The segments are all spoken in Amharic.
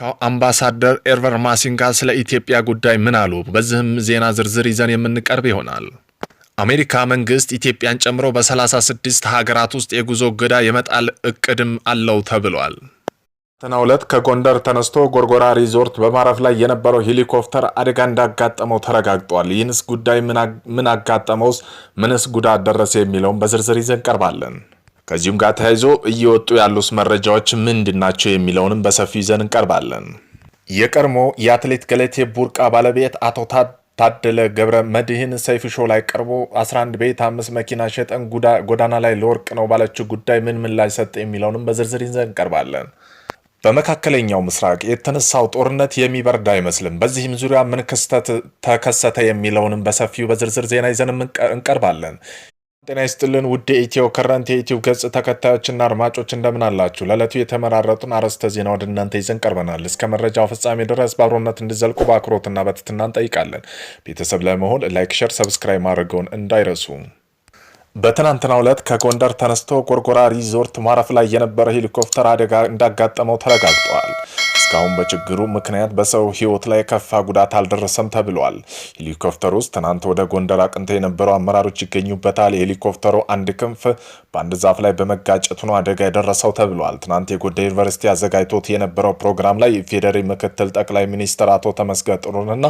ከአምባሳደር ኤርቨር ማሲንጋ ስለ ኢትዮጵያ ጉዳይ ምን አሉ? በዚህም ዜና ዝርዝር ይዘን የምንቀርብ ይሆናል። አሜሪካ መንግስት ኢትዮጵያን ጨምሮ በ36 ሀገራት ውስጥ የጉዞ እገዳ የመጣል እቅድም አለው ተብሏል። ትና ዕለት ከጎንደር ተነስቶ ጎርጎራ ሪዞርት በማረፍ ላይ የነበረው ሄሊኮፕተር አደጋ እንዳጋጠመው ተረጋግጧል። ይህንስ ጉዳይ ምን አጋጠመውስ? ምንስ ጉዳት ደረሰ? የሚለውም በዝርዝር ይዘን ቀርባለን። ከዚሁም ጋር ተያይዞ እየወጡ ያሉት መረጃዎች ምንድን ናቸው የሚለውንም በሰፊው ይዘን እንቀርባለን። የቀድሞ የአትሌት ገለቴ ቡርቃ ባለቤት አቶ ታደለ ገብረ መድህን ሰይፍ ሾው ላይ ቀርቦ 11 ቤት አምስት መኪና ሸጠን ጎዳና ላይ ለወርቅ ነው ባለችው ጉዳይ ምን ምን ላይ ሰጠ የሚለውንም በዝርዝር ይዘን እንቀርባለን። በመካከለኛው ምስራቅ የተነሳው ጦርነት የሚበርድ አይመስልም። በዚህም ዙሪያ ምን ክስተት ተከሰተ የሚለውንም በሰፊው በዝርዝር ዜና ይዘን እንቀርባለን። ጤና ይስጥልን ውድ ኢትዮ ከረንት የዩቲዩብ ገጽ ተከታዮችና አድማጮች እንደምን አላችሁ? ለዕለቱ የተመራረጡን አርዕስተ ዜና ወደ እናንተ ይዘን ቀርበናል። እስከ መረጃው ፍጻሜ ድረስ በአብሮነት እንዲዘልቁ በአክብሮትና በትትና እንጠይቃለን። ቤተሰብ ለመሆን ላይክ፣ ሸር፣ ሰብስክራይብ ማድረገውን እንዳይረሱ። በትናንትናው ዕለት ከጎንደር ተነስቶ ጎርጎራ ሪዞርት ማረፍ ላይ የነበረ ሄሊኮፕተር አደጋ እንዳጋጠመው ተረጋግጧል። እስካሁን በችግሩ ምክንያት በሰው ህይወት ላይ የከፋ ጉዳት አልደረሰም ተብሏል። ሄሊኮፕተሩ ውስጥ ትናንት ወደ ጎንደር አቅንተ የነበሩ አመራሮች ይገኙበታል። የሄሊኮፕተሩ አንድ ክንፍ በአንድ ዛፍ ላይ በመጋጨቱ ነው አደጋ የደረሰው ተብሏል። ትናንት የጎንደር ዩኒቨርሲቲ አዘጋጅቶት የነበረው ፕሮግራም ላይ የኢፌዴሪ ምክትል ጠቅላይ ሚኒስትር አቶ ተመስገን ጥሩነህና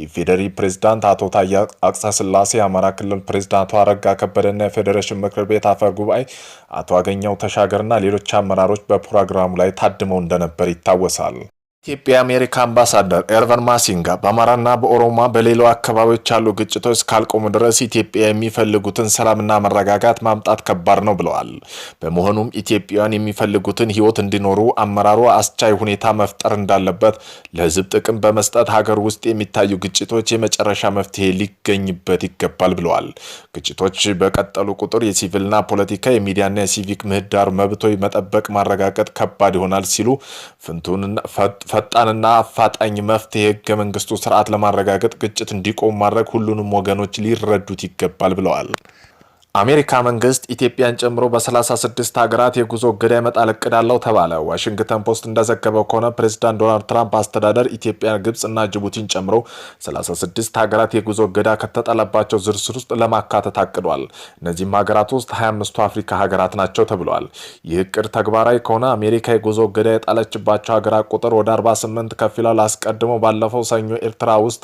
የኢፌዴሪ ፕሬዝዳንት አቶ ታዬ አጽቀሥላሴ፣ የአማራ ክልል ፕሬዝዳንቱ አረጋ ከበደና የፌዴሬሽን ምክር ቤት አፈ ጉባኤ አቶ አገኘው ተሻገርና ሌሎች አመራሮች በፕሮግራሙ ላይ ታድመው እንደነበር ይታወሳል። ኢትዮጵያ የአሜሪካ አምባሳደር ኤርቨን ማሲንጋ በአማራና በኦሮማ በሌላው አካባቢዎች ያሉ ግጭቶች እስካልቆሙ ድረስ ኢትዮጵያ የሚፈልጉትን ሰላምና መረጋጋት ማምጣት ከባድ ነው ብለዋል። በመሆኑም ኢትዮጵያውያን የሚፈልጉትን ሕይወት እንዲኖሩ አመራሩ አስቻይ ሁኔታ መፍጠር እንዳለበት ለሕዝብ ጥቅም በመስጠት ሀገር ውስጥ የሚታዩ ግጭቶች የመጨረሻ መፍትሄ ሊገኝበት ይገባል ብለዋል። ግጭቶች በቀጠሉ ቁጥር የሲቪልና ፖለቲካ የሚዲያና የሲቪክ ምህዳር መብቶች መጠበቅ ማረጋገጥ ከባድ ይሆናል ሲሉ ፍንቱን ፈጣንና አፋጣኝ መፍትሄ ህገ መንግስቱ ስርዓት ለማረጋገጥ ግጭት እንዲቆም ማድረግ ሁሉንም ወገኖች ሊረዱት ይገባል ብለዋል። አሜሪካ መንግስት ኢትዮጵያን ጨምሮ በ36 ሀገራት የጉዞ እገዳ መጣል እቅድ አለው ተባለ። ዋሽንግተን ፖስት እንደዘገበው ከሆነ ፕሬዚዳንት ዶናልድ ትራምፕ አስተዳደር ኢትዮጵያ፣ ግብጽ እና ጅቡቲን ጨምሮ 36 ሀገራት የጉዞ እገዳ ከተጠለባቸው ዝርዝር ውስጥ ለማካተት አቅዷል። እነዚህም ሀገራት ውስጥ 25ቱ አፍሪካ ሀገራት ናቸው ተብሏል። ይህ እቅድ ተግባራዊ ከሆነ አሜሪካ የጉዞ እገዳ የጣለችባቸው ሀገራት ቁጥር ወደ 48 ከፍ ይላል። አስቀድሞ ባለፈው ሰኞ ኤርትራ ውስጥ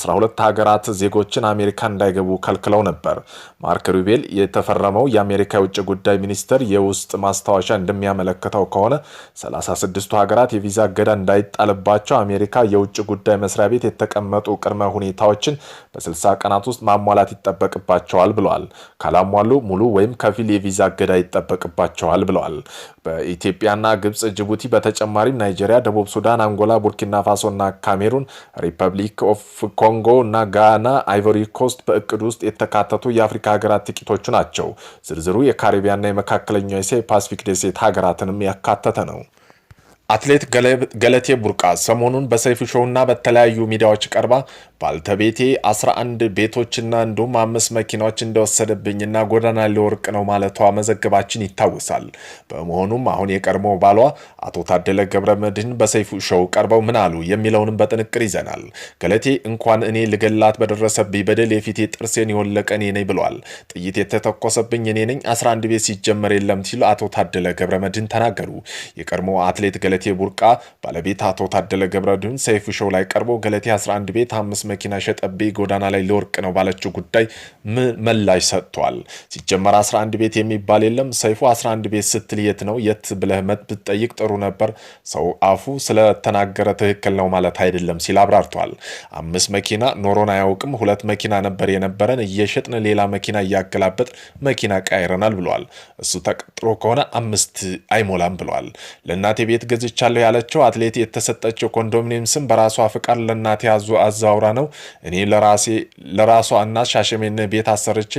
12 ሀገራት ዜጎችን አሜሪካ እንዳይገቡ ከልክለው ነበር። ማርክ ሩቤል የተፈረመው የአሜሪካ የውጭ ጉዳይ ሚኒስቴር የውስጥ ማስታወሻ እንደሚያመለክተው ከሆነ 36ቱ ሀገራት የቪዛ እገዳ እንዳይጣልባቸው አሜሪካ የውጭ ጉዳይ መስሪያ ቤት የተቀመጡ ቅድመ ሁኔታዎችን በ60 ቀናት ውስጥ ማሟላት ይጠበቅባቸዋል ብለዋል። ካላሟሉ ሙሉ ወይም ከፊል የቪዛ እገዳ ይጠበቅባቸዋል ብለዋል። በኢትዮጵያና ግብጽ፣ ጅቡቲ በተጨማሪም ናይጄሪያ፣ ደቡብ ሱዳን፣ አንጎላ፣ ቡርኪና ፋሶና ካሜሩን፣ ሪፐብሊክ ኦፍ ኮንጎ እና ጋና፣ አይቮሪ ኮስት በእቅድ ውስጥ የተካተቱ የአፍሪካ ሀገራት ጥቂቶች ጉዳዮች ናቸው። ዝርዝሩ የካሪቢያንና የመካከለኛው ኤስያ የፓሲፊክ ደሴት ሀገራትንም ያካተተ ነው። አትሌት ገለቴ ቡርቃ ሰሞኑን በሰይፉ ሾውና በተለያዩ ሚዲያዎች ቀርባ ባልተቤቴ 11 ቤቶችና እንዲሁም አምስት መኪናዎች እንደወሰደብኝና ጎዳና ሊወርቅ ነው ማለቷ መዘገባችን ይታወሳል። በመሆኑም አሁን የቀድሞ ባሏ አቶ ታደለ ገብረ መድህን በሰይፉ ሾው ቀርበው ምን አሉ የሚለውንም በጥንቅር ይዘናል። ገለቴ እንኳን እኔ ልገላት በደረሰብኝ በደል የፊቴ ጥርሴን የወለቀ እኔ ነኝ ብሏል። ጥይት የተተኮሰብኝ እኔ ነኝ፣ 11 ቤት ሲጀመር የለም ሲሉ አቶ ታደለ ገብረ መድህን ተናገሩ። የቀድሞ አትሌት ገለቴ ገለቴ ቡርቃ ባለቤት አቶ ታደለ ገብረ ድን ሰይፉ ሾው ላይ ቀርቦ ገለቴ 11 ቤት አምስት መኪና ሸጠቤ ጎዳና ላይ ለወርቅ ነው ባለችው ጉዳይ ምላሽ ሰጥቷል። ሲጀመር 11 ቤት የሚባል የለም። ሰይፉ 11 ቤት ስትል የት ነው የት ብለህ ብትጠይቅ ጥሩ ነበር። ሰው አፉ ስለተናገረ ትክክል ነው ማለት አይደለም ሲል አብራርቷል። አምስት መኪና ኖሮን አያውቅም። ሁለት መኪና ነበር የነበረን፣ እየሸጥን ሌላ መኪና እያገላበጥ መኪና ቀያይረናል ብሏል። እሱ ተቀጥሮ ከሆነ አምስት አይሞላም ብሏል። ለእናቴ ቤት ገዝቻለሁ ያለችው አትሌት የተሰጠችው ኮንዶሚኒየም ስም በራሷ ፍቃድ ለእናቴ ያዙ አዛውራ ነው። እኔ ለራሷ እናት ሻሸሜን ቤት አሰርቼ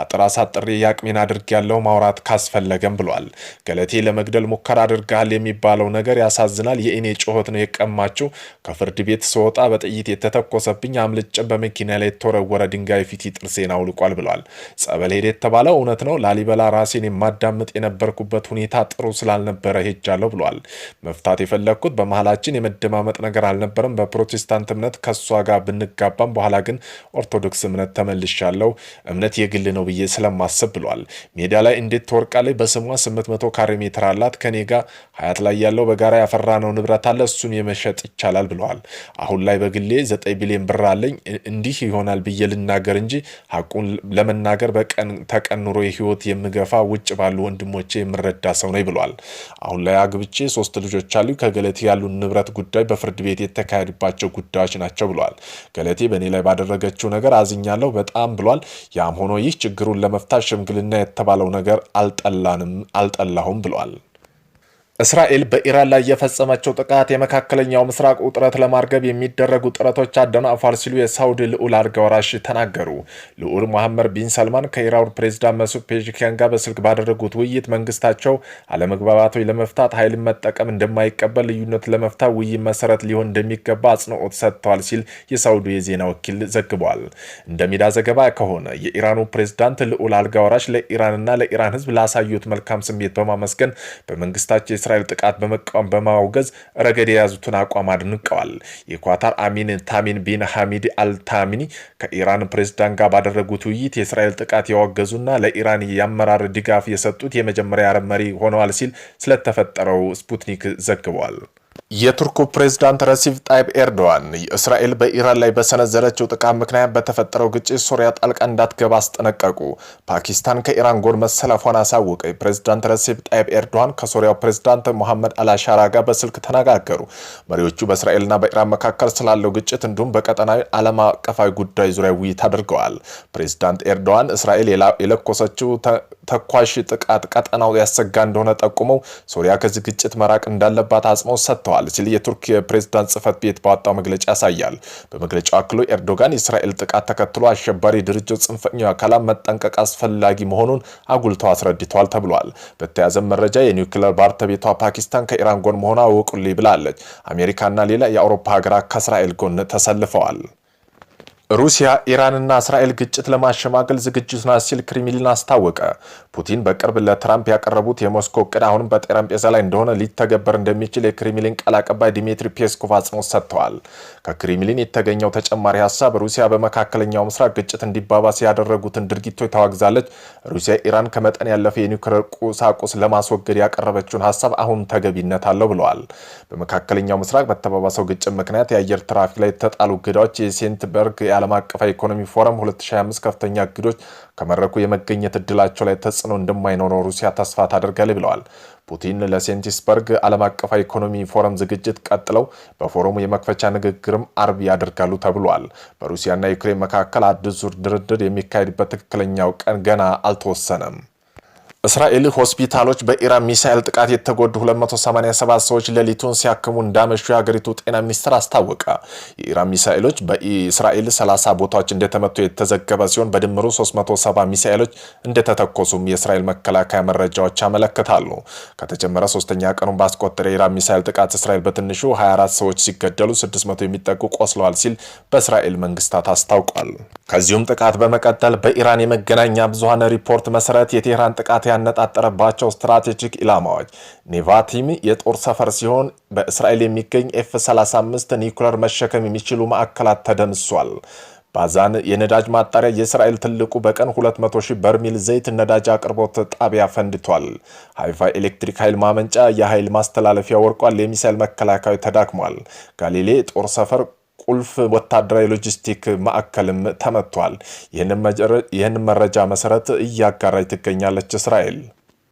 አጥር አሳጥሬ ያቅሜን ያለው ማውራት ካስፈለገም ብሏል። ገለቴ ለመግደል ሙከራ አድርገሃል የሚባለው ነገር ያሳዝናል። የእኔ ጩኸት ነው የቀማችው። ከፍርድ ቤት ስወጣ በጥይት የተተኮሰብኝ አምልጭ በመኪና ላይ የተወረወረ ድንጋይ ፊት ጥርሴን አውልቋል ብሏል። ጸበል ሄደ የተባለው እውነት ነው። ላሊበላ ራሴን የማዳምጥ የነበርኩበት ሁኔታ ጥሩ ስላልነበረ ሄጃለሁ ብሏል። መፍታት የፈለግኩት በመሀላችን የመደማመጥ ነገር አልነበረም። በፕሮቴስታንት እምነት ከእሷ ጋር ብንጋባም በኋላ ግን ኦርቶዶክስ እምነት ተመልሻለሁ። እምነት የግል ነው ብዬ ስለማሰብ ብሏል። ሜዳ ላይ እንዴት ትወርቃለች? በስሟ 800 ካሬ ሜትር አላት። ከኔ ጋር ሀያት ላይ ያለው በጋራ ያፈራነው ንብረት አለ። እሱን የመሸጥ ይቻላል ብለዋል። አሁን ላይ በግሌ 9 ቢሊዮን ብር አለኝ። እንዲህ ይሆናል ብዬ ልናገር እንጂ ሀቁን ለመናገር በቀን ተቀን ኑሮ የህይወት የምገፋ ውጭ ባሉ ወንድሞቼ የምረዳ ሰው ነኝ ብሏል። አሁን ላይ አግብቼ ሶስት ልጆች አሉ። ከገለቴ ያሉን ንብረት ጉዳይ በፍርድ ቤት የተካሄድባቸው ጉዳዮች ናቸው ብለዋል። ገለቴ በእኔ ላይ ባደረገችው ነገር አዝኛለሁ በጣም ብሏል። ያም ሆኖ ይህ ችግሩን ለመፍታት ሽምግልና የተባለው ነገር አልጠላንም አልጠላሁም ብለዋል። እስራኤል በኢራን ላይ የፈጸመችው ጥቃት የመካከለኛው ምስራቅ ውጥረት ለማርገብ የሚደረጉ ጥረቶች አደናፏል ሲሉ የሳውዲ ልዑል አልጋ ወራሽ ተናገሩ። ልዑል መሐመድ ቢን ሰልማን ከኢራኑ ፕሬዚዳንት መሱድ ፔዥኪያን ጋር በስልክ ባደረጉት ውይይት መንግስታቸው አለመግባባቶች ለመፍታት ኃይልን መጠቀም እንደማይቀበል፣ ልዩነት ለመፍታት ውይይት መሰረት ሊሆን እንደሚገባ አጽንኦት ሰጥተዋል ሲል የሳውዲ የዜና ወኪል ዘግቧል። እንደ ዘገባ ከሆነ የኢራኑ ፕሬዚዳንት ልዑል አልጋ ወራሽ ለኢራንና ለኢራን ህዝብ ላሳዩት መልካም ስሜት በማመስገን በመንግስታቸው የእስራኤል ጥቃት በመቃወም በማውገዝ ረገድ የያዙትን አቋም አድንቀዋል። የኳታር አሚን ታሚን ቢን ሐሚድ አልታሚኒ ከኢራን ፕሬዝዳንት ጋር ባደረጉት ውይይት የእስራኤል ጥቃት ያወገዙና ለኢራን የአመራር ድጋፍ የሰጡት የመጀመሪያ አረብ መሪ ሆነዋል ሲል ስለተፈጠረው ስፑትኒክ ዘግቧል። የቱርኩ ፕሬዝዳንት ረሲቭ ጣይብ ኤርዶዋን እስራኤል በኢራን ላይ በሰነዘረችው ጥቃት ምክንያት በተፈጠረው ግጭት ሶሪያ ጣልቃ እንዳትገባ አስጠነቀቁ። ፓኪስታን ከኢራን ጎን መሰለፏን አሳወቀ። ፕሬዝዳንት ረሲቭ ጣይብ ኤርዶዋን ከሶሪያው ፕሬዝዳንት ሞሐመድ አላሻራ ጋር በስልክ ተነጋገሩ። መሪዎቹ በእስራኤልና በኢራን መካከል ስላለው ግጭት እንዲሁም በቀጠናዊ ዓለም አቀፋዊ ጉዳይ ዙሪያ ውይይት አድርገዋል። ፕሬዝዳንት ኤርዶዋን እስራኤል የለኮሰችው ተኳሽ ጥቃት ቀጠናው ያሰጋ እንደሆነ ጠቁመው ሶሪያ ከዚህ ግጭት መራቅ እንዳለባት አጽንኦት ሰጥተዋል። ተናግረዋል ሲል የቱርክ ፕሬዝዳንት ጽህፈት ቤት ባወጣው መግለጫ ያሳያል። በመግለጫው አክሎ ኤርዶጋን የእስራኤል ጥቃት ተከትሎ አሸባሪ ድርጅት ጽንፈኛ አካላት መጠንቀቅ አስፈላጊ መሆኑን አጉልተው አስረድተዋል ተብሏል። በተያያዘም መረጃ የኒውክሌር ባለቤቷ ፓኪስታን ከኢራን ጎን መሆኗ ውቁልኝ ብላለች። አሜሪካና ሌላ የአውሮፓ ሀገራት ከእስራኤል ጎን ተሰልፈዋል። ሩሲያ ኢራንና እስራኤል ግጭት ለማሸማገል ዝግጅት ናት ሲል ክሪምሊን አስታወቀ። ፑቲን በቅርብ ለትራምፕ ያቀረቡት የሞስኮ እቅድ አሁንም በጠረጴዛ ላይ እንደሆነ ሊተገበር እንደሚችል የክሪምሊን ቃል አቀባይ ዲሚትሪ ፔስኮቭ አጽንኦት ሰጥተዋል። ከክሪምሊን የተገኘው ተጨማሪ ሀሳብ ሩሲያ በመካከለኛው ምስራቅ ግጭት እንዲባባስ ያደረጉትን ድርጊቶች ታዋግዛለች። ሩሲያ ኢራን ከመጠን ያለፈ የኒውክሌር ቁሳቁስ ለማስወገድ ያቀረበችውን ሀሳብ አሁን ተገቢነት አለው ብለዋል። በመካከለኛው ምስራቅ በተባባሰው ግጭት ምክንያት የአየር ትራፊክ ላይ የተጣሉ እገዳዎች የሴንትበርግ የዓለም አቀፋዊ ኢኮኖሚ ፎረም 2025 ከፍተኛ እግዶች ከመድረኩ የመገኘት እድላቸው ላይ ተጽዕኖ እንደማይኖረው ሩሲያ ተስፋ ታደርጋል ብለዋል። ፑቲን ለሴንቲስበርግ ዓለም አቀፋዊ ኢኮኖሚ ፎረም ዝግጅት ቀጥለው በፎረሙ የመክፈቻ ንግግርም አርብ ያደርጋሉ ተብሏል። በሩሲያና ዩክሬን መካከል አዲስ ዙር ድርድር የሚካሄድበት ትክክለኛው ቀን ገና አልተወሰነም። እስራኤል ሆስፒታሎች በኢራን ሚሳኤል ጥቃት የተጎዱ 287 ሰዎች ሌሊቱን ሲያክሙ እንዳመሹ የሀገሪቱ ጤና ሚኒስትር አስታወቀ። የኢራን ሚሳኤሎች በእስራኤል 30 ቦታዎች እንደተመቱ የተዘገበ ሲሆን በድምሩ 370 ሚሳኤሎች እንደተተኮሱም የእስራኤል መከላከያ መረጃዎች ያመለክታሉ። ከተጀመረ ሶስተኛ ቀኑን ባስቆጠረ የኢራን ሚሳኤል ጥቃት እስራኤል በትንሹ 24 ሰዎች ሲገደሉ 600 የሚጠጉ ቆስለዋል ሲል በእስራኤል መንግስታት አስታውቋል። ከዚሁም ጥቃት በመቀጠል በኢራን የመገናኛ ብዙሀን ሪፖርት መሰረት የቴህራን ጥቃት ያነጣጠረባቸው ስትራቴጂክ ኢላማዎች ኔቫቲም የጦር ሰፈር ሲሆን በእስራኤል የሚገኝ ኤፍ 35 ኒኩለር መሸከም የሚችሉ ማዕከላት ተደምሷል። ባዛን የነዳጅ ማጣሪያ የእስራኤል ትልቁ በቀን 200 ሺህ በርሚል ዘይት ነዳጅ አቅርቦት ጣቢያ ፈንድቷል። ሃይፋ ኤሌክትሪክ ኃይል ማመንጫ የኃይል ማስተላለፊያ ወርቋል። የሚሳይል መከላከያ ተዳክሟል። ጋሊሌ ጦር ሰፈር ቁልፍ ወታደራዊ ሎጂስቲክ ማዕከልም ተመቷል። ይህንን መረጃ መሰረት እያጋራች ትገኛለች እስራኤል።